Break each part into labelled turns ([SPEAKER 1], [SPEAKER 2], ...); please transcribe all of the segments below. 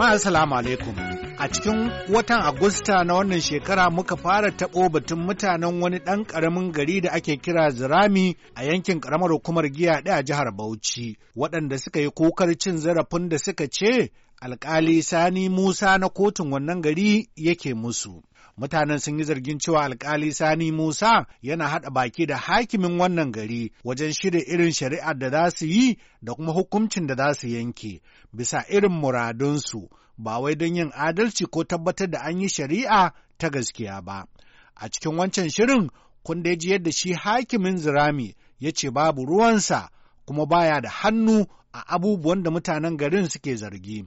[SPEAKER 1] Jama'a salamu alaikum. A cikin watan Agusta na wannan shekara muka fara taɓo batun mutanen wani ɗan ƙaramin gari da ake kira Zirami a yankin ƙaramar hukumar giya ɗaya jihar Bauchi, waɗanda suka yi kokar cin zarafin da suka ce alƙali Sani Musa na kotun wannan gari yake musu. mutanen sun yi zargin cewa alkali Sani Musa yana haɗa baki da hakimin wannan gari wajen shirya irin shari'ar da za su yi da kuma hukuncin da za su yanke bisa irin muradunsu ba wai don yin adalci ko tabbatar da an yi shari'a ta gaskiya ba. A cikin wancan shirin kun da ji yadda shi hakimin zirami ya ce babu ruwansa kuma baya da hannu a abubuwan da mutanen garin suke zargi.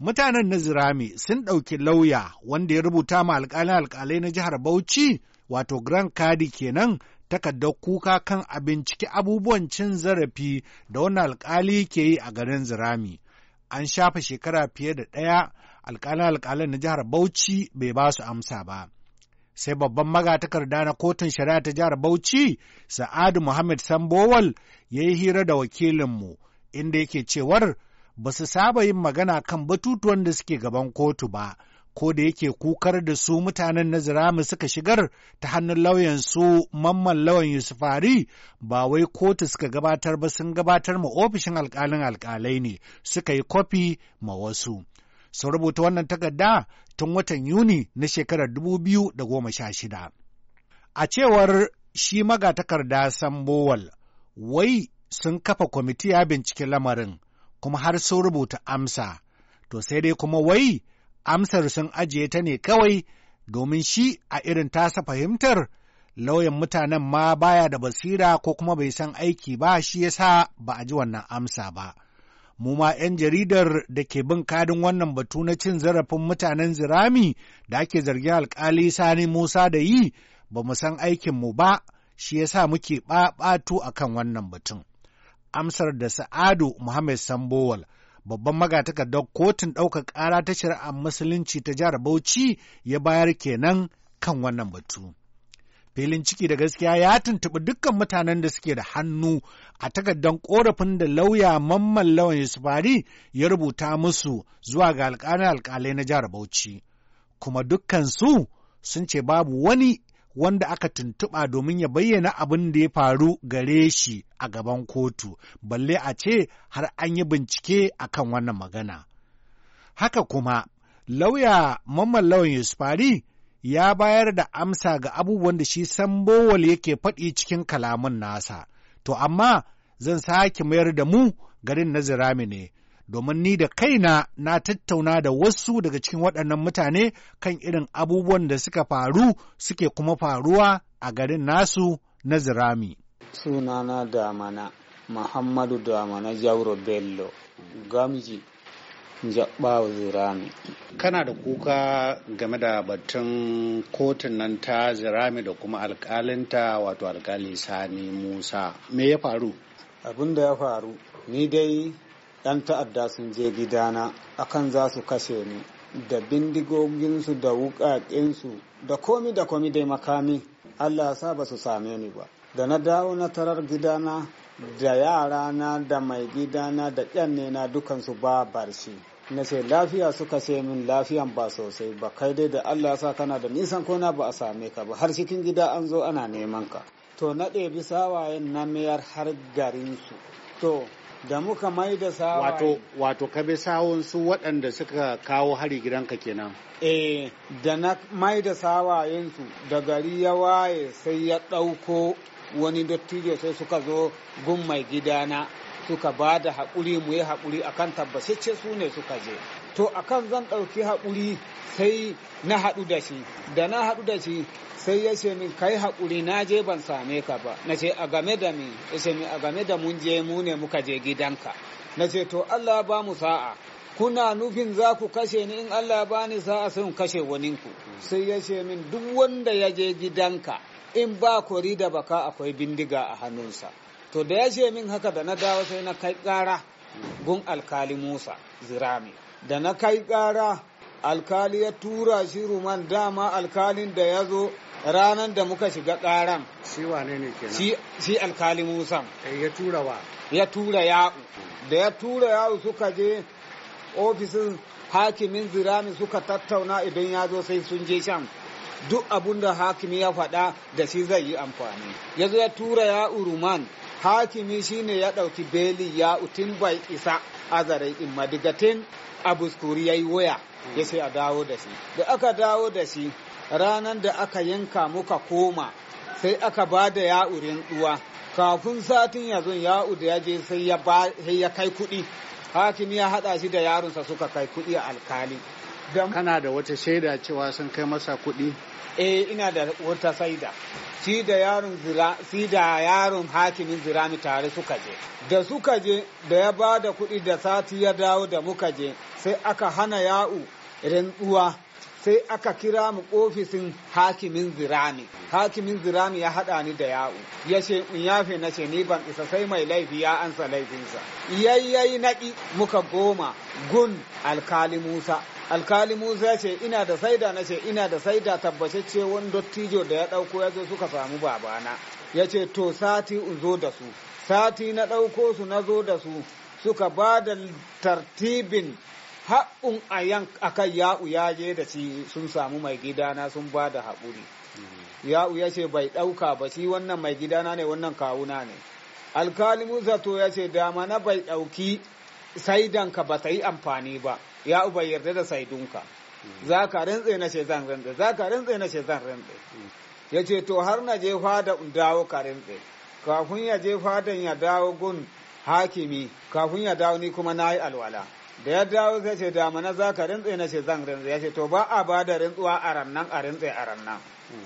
[SPEAKER 1] mutanen na zirami sun ɗauki lauya wanda ya rubuta ma alƙalin alƙalai na jihar Bauchi wato Grand Kadi kenan takardar kuka kan a binciki abubuwan cin zarafi da wani alƙali ke yi a garin zirami an shafa shekara fiye da ɗaya alƙalin alƙalai na jihar bauchi bai ba su amsa ba sai babban magatakarda na kotun shari'a ta jihar bauchi sa'adu muhammad sambowal ya yi hira da wakilinmu inda yake cewar ba su saba yin magana kan batutuwan da suke gaban kotu ba, ko da yake kukar da su mutanen Nazirama suka shigar ta hannun lauyan su mamman lawan Yusufari ba wai kotu suka gabatar ba sun gabatar ma ofishin alkalin alkalai ne suka yi kofi ma wasu. Sun rubuta wannan takarda tun watan Yuni na shekarar 2016. A cewar shi magatakarda Sambowal, wai sun kafa kwamiti ya bincike lamarin. kuma har sun rubuta amsa, to sai dai kuma wai amsar sun ajiye ta ne kawai domin shi a irin tasa fahimtar lauyan mutanen ma baya da basira ko kuma bai san aiki ba shi yasa ba a ji wannan amsa ba. mu ma 'yan jaridar da ke bin kadin wannan batu na cin zarafin mutanen zirami da ake zargin alkali sani musa da yi ba mu san aikinmu ba shi yasa muke ɓaɓatu a kan wannan batun. amsar da Sa'adu Muhammad Sambowal, babban magatakardar kotun ɗaukar ƙara ta shari'a musulunci ta jihar Bauchi ya bayar kenan kan wannan batu. Filin ciki da gaskiya ya tuntuɓi dukkan mutanen da suke da hannu a takardar ƙorafin da lauya mamman lawan Yusufari ya rubuta musu zuwa ga alƙalai na jihar Bauchi. Kuma dukkan su sun ce babu wani wanda aka tuntuɓa domin ya bayyana abin da ya faru gare shi a gaban kotu, balle a ce har an yi bincike a kan wannan magana. Haka kuma, lauya Mamman Lawan Yusufari ya bayar da amsa ga abubuwan da shi Sambowal yake faɗi cikin kalaman nasa, to amma zan sake mayar da mu garin na ne domin ni da kaina na tattauna da wasu daga cikin waɗannan mutane kan irin abubuwan da suka faru suke kuma faruwa a garin nasu na zirami.
[SPEAKER 2] Sunana damana
[SPEAKER 1] Muhammadu damana Jauro Bello Gamji jaɓawa zirami. Kana da kuka game da batun kotun nan ta zirami da kuma alkalinta wato alkali Sani Musa. Me ya faru? Abin
[SPEAKER 2] da ya faru, ni dai 'yan ta'adda sun je gidana akan za su kashe ni da bindigoginsu da wukaƙinsu da komi da komi dai makami allah sa ba su same ni ba da na dawo na tarar gidana da yarana da mai gidana da na dukansu ba barci na ce lafiya suka ce min lafiyan ba sosai ba kai dai da allah sa kana da nisan kona ba a same ka ba har cikin gida an zo ana neman ka to na ɗebi sawayen na mayar har garinsu
[SPEAKER 1] to da muka mai da sawa wato wato ka bi sawun su waɗanda suka kawo hari gidanka kenan
[SPEAKER 2] eh da na mai da su da gari ya waye sai ya ɗauko wani dattijo sai suka zo gun mai gidana suka ba da haƙuri mu yi haƙuri akan tabbace su ne suka je to a kan zan ɗauki haƙuri sai na haɗu da shi da na haɗu da shi sai ya ce min kai haƙuri na je ban same ka ba na ce a game da mi ya ce min a game da mun je mu ne muka je gidanka na ce to Allah ba mu sa'a kuna nufin za ku kashe ni in Allah ba ni sa'a sai in kashe waninku sai ya ce min duk wanda ya je gidanka in ba kori da baka akwai bindiga a hannunsa to da ya ce min haka da na dawo sai na kai ƙara gun alkali Musa zirami da na kai gara alkali ya tura shi ruman dama alkalin da ya zo ranar da muka shiga karan shi wane ne kenan shi alkali musa eh, ya tura wa ya tura ya'u da ya tura ya'u suka je ofisin hakimin zirami suka tattauna idan ya zo sai sun je shan duk abun da hakimi ya faɗa da shi zai yi amfani ya zo ya tura ya'u ruman hakimi shine ya ɗauki beli ya'u tun bai isa azare in madigatin abuskuri ya yi waya ya ce a dawo da shi da aka dawo da shi ranar da aka yanka muka koma sai aka ba da ya'urin ɗuwa kafin satin ya zo ya'u da ya je sai ya kai kuɗi hakim ya haɗa shi da yaronsa suka kai kuɗi a alkali kana da wata shaida cewa
[SPEAKER 1] sun kai masa kuɗi
[SPEAKER 2] eh ina da wata saida shi da yaron zira shi da yaron hakimin zirami tare suka je da suka je da ya ba da kuɗi da sati ya dawo da muka je sai aka hana ya'u uwa. sai aka kira mu ofishin hakimin zirami hakimin zirami ya haɗa ni da ya'u ya ce in yafe na ce ni ban isa sai mai laifi ya ansa laifinsa yayyayi naɗi muka goma gun alkali musa alkali musa ce ina da saida na ce ina da saida tabbatacce wani dottijo da ya ɗauko ya zo suka samu babana ya ce to sati in zo da su sati na ɗauko su na zo da su suka ba da tartibin haƙun a kai ya'u ya je da shi sun samu mai gidana sun ba da haƙuri mm-hmm. ya'u ya ce bai ɗauka ba shi wannan mai gidana ne wannan kawuna ne alkali musa to ya ce dama na bai ɗauki saidanka ba ta yi amfani ba ya'u bai yarda da saidunka mm-hmm. za ka rintse na ce zan rintse za ka rintse na ce zan rintse mm-hmm. ya ce to har na je fada in dawo ka rintse kafin ya je fadan ya dawo gun hakimi kafin ya dawo ni kuma na yi alwala da ya dawo sai ce da mana za rintse na ce zan rintse ya ce to ba a bada da rintsuwa a rannan a rintse a rannan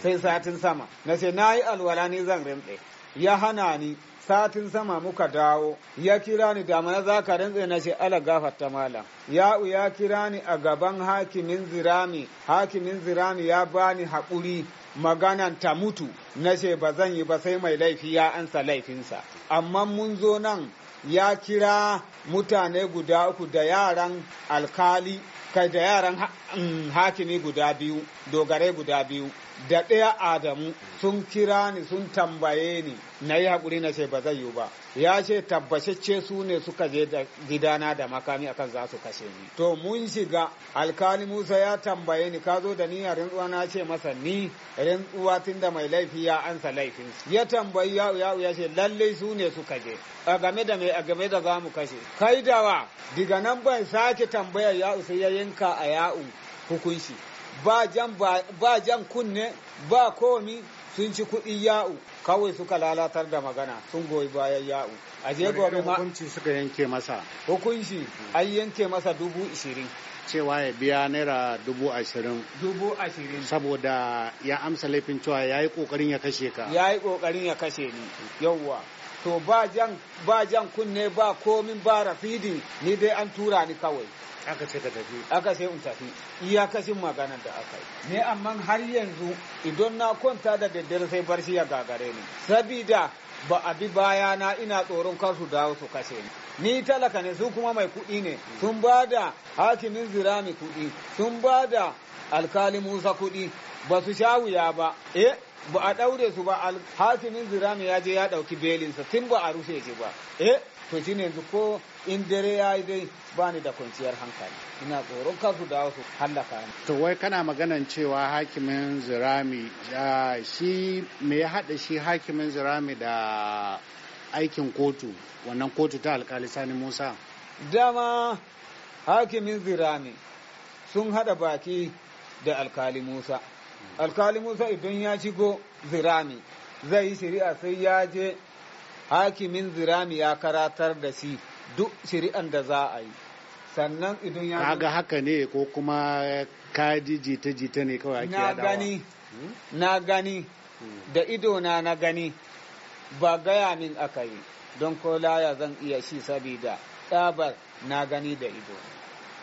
[SPEAKER 2] sai satin sama na ce na yi alwala ni zan rintse ya hana ni satin sama muka dawo ya kira ni da mana za rintse na ce ala gafarta malam ya'u ya kira ni a gaban hakimin zirami hakimin zirami ya bani haƙuri maganan ta mutu na ce ba zan yi ba sai mai laifi ya ansa laifinsa amma mun zo nan ya kira mutane guda uku da yaran alkali kai da yaran mm, hakimi guda biyu dogare guda biyu da ɗaya Adamu sun kira ni sun tambaye ni na yi haƙuri na ce ba zai yiwu ba ya ce tabbacecce su ne suka je da gidana da makami akan za su kashe ni to mun shiga alkali Musa ya tambaye ni ka zo da niya rintsuwa na ce masa ni tun da mai laifi ya ansa laifin ya tambayi yawu yawu ya ce lalle su ne suka je a game da mai a game da za mu kashe kai dawa diga nan ban sake tambayar yawu sai ya yanka a yawu hukunci ba jan ba jan kunne ba komi sun ci kuɗi ya'u kawai suka lalatar da magana sun goyi bayan ya'u a je gobe ma
[SPEAKER 1] hukunci suka yanke masa hukunci an yanke masa dubu ishirin cewa ya biya naira dubu ashirin dubu ashirin saboda ya amsa laifin cewa ya yi ƙoƙarin ya kashe ka
[SPEAKER 2] ya yi ƙoƙarin ya kashe ni yauwa to ba jan kunne ba komin ba rafidi ni dai an tura ni kawai aka ce ka tafi aka sai in tafi iya iyakacin maganar da aka yi ne amma har yanzu idan na kwanta da daddare sai barci ya gagare ni sabida ba a bi bayana ina tsoron kar su dawo su kashe ni ni talaka ne su kuma mai kuɗi ne sun ba da hakimin zirami kuɗi sun ba da alkali musa kuɗi ba su sha wuya ba eh ba a ɗaure su ba hakimin zirami ya je ya ɗauki belinsa tun ba a rushe shi ba eh to shi ne ko in dare ya yi dai ba ni da kwanciyar hankali ina tsoron kasu da wasu, su hallaka ni.
[SPEAKER 1] to wai kana maganan cewa hakimin zirami shi me ya haɗa shi hakimin zirami da aikin kotu wannan kotu ta alkali sani musa dama hakimin zirami
[SPEAKER 2] sun haɗa baki da alkali musa alkali musa idan ya shigo zirami zai yi shari'a sai ya je hakimin zirami ya karatar da shi duk shari'an da za a yi sannan idan ya ga
[SPEAKER 1] haka ne ko kuma ji jita jita ne kawai ake na gani
[SPEAKER 2] hmm? na gani da idona na gani ba gaya min aka yi don ko laya zan iya shi sabida tsabar na gani da ido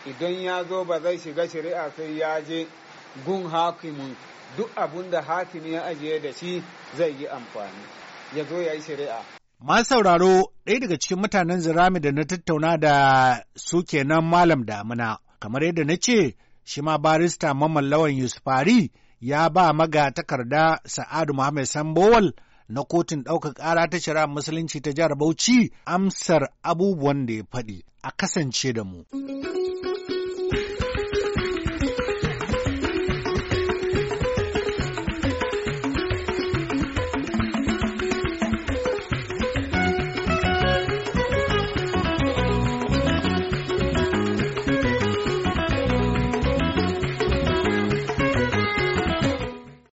[SPEAKER 2] idan ya zo ba zai shiga shari'a sai ya je gun hakimin duk abun da hakimi ya ajiye da shi zai yi amfani ya zo ya yi shari'a.
[SPEAKER 1] Masu sauraro ɗaya daga cikin mutanen zirami da na tattauna da su kenan malam damina kamar yadda na ce shi ma barista mamman lawan yusufari ya ba maga takarda sa'adu muhammad sambowal na kotun ɗaukar ƙara ta shari'a musulunci ta jihar bauchi amsar abubuwan da ya faɗi a kasance da mu.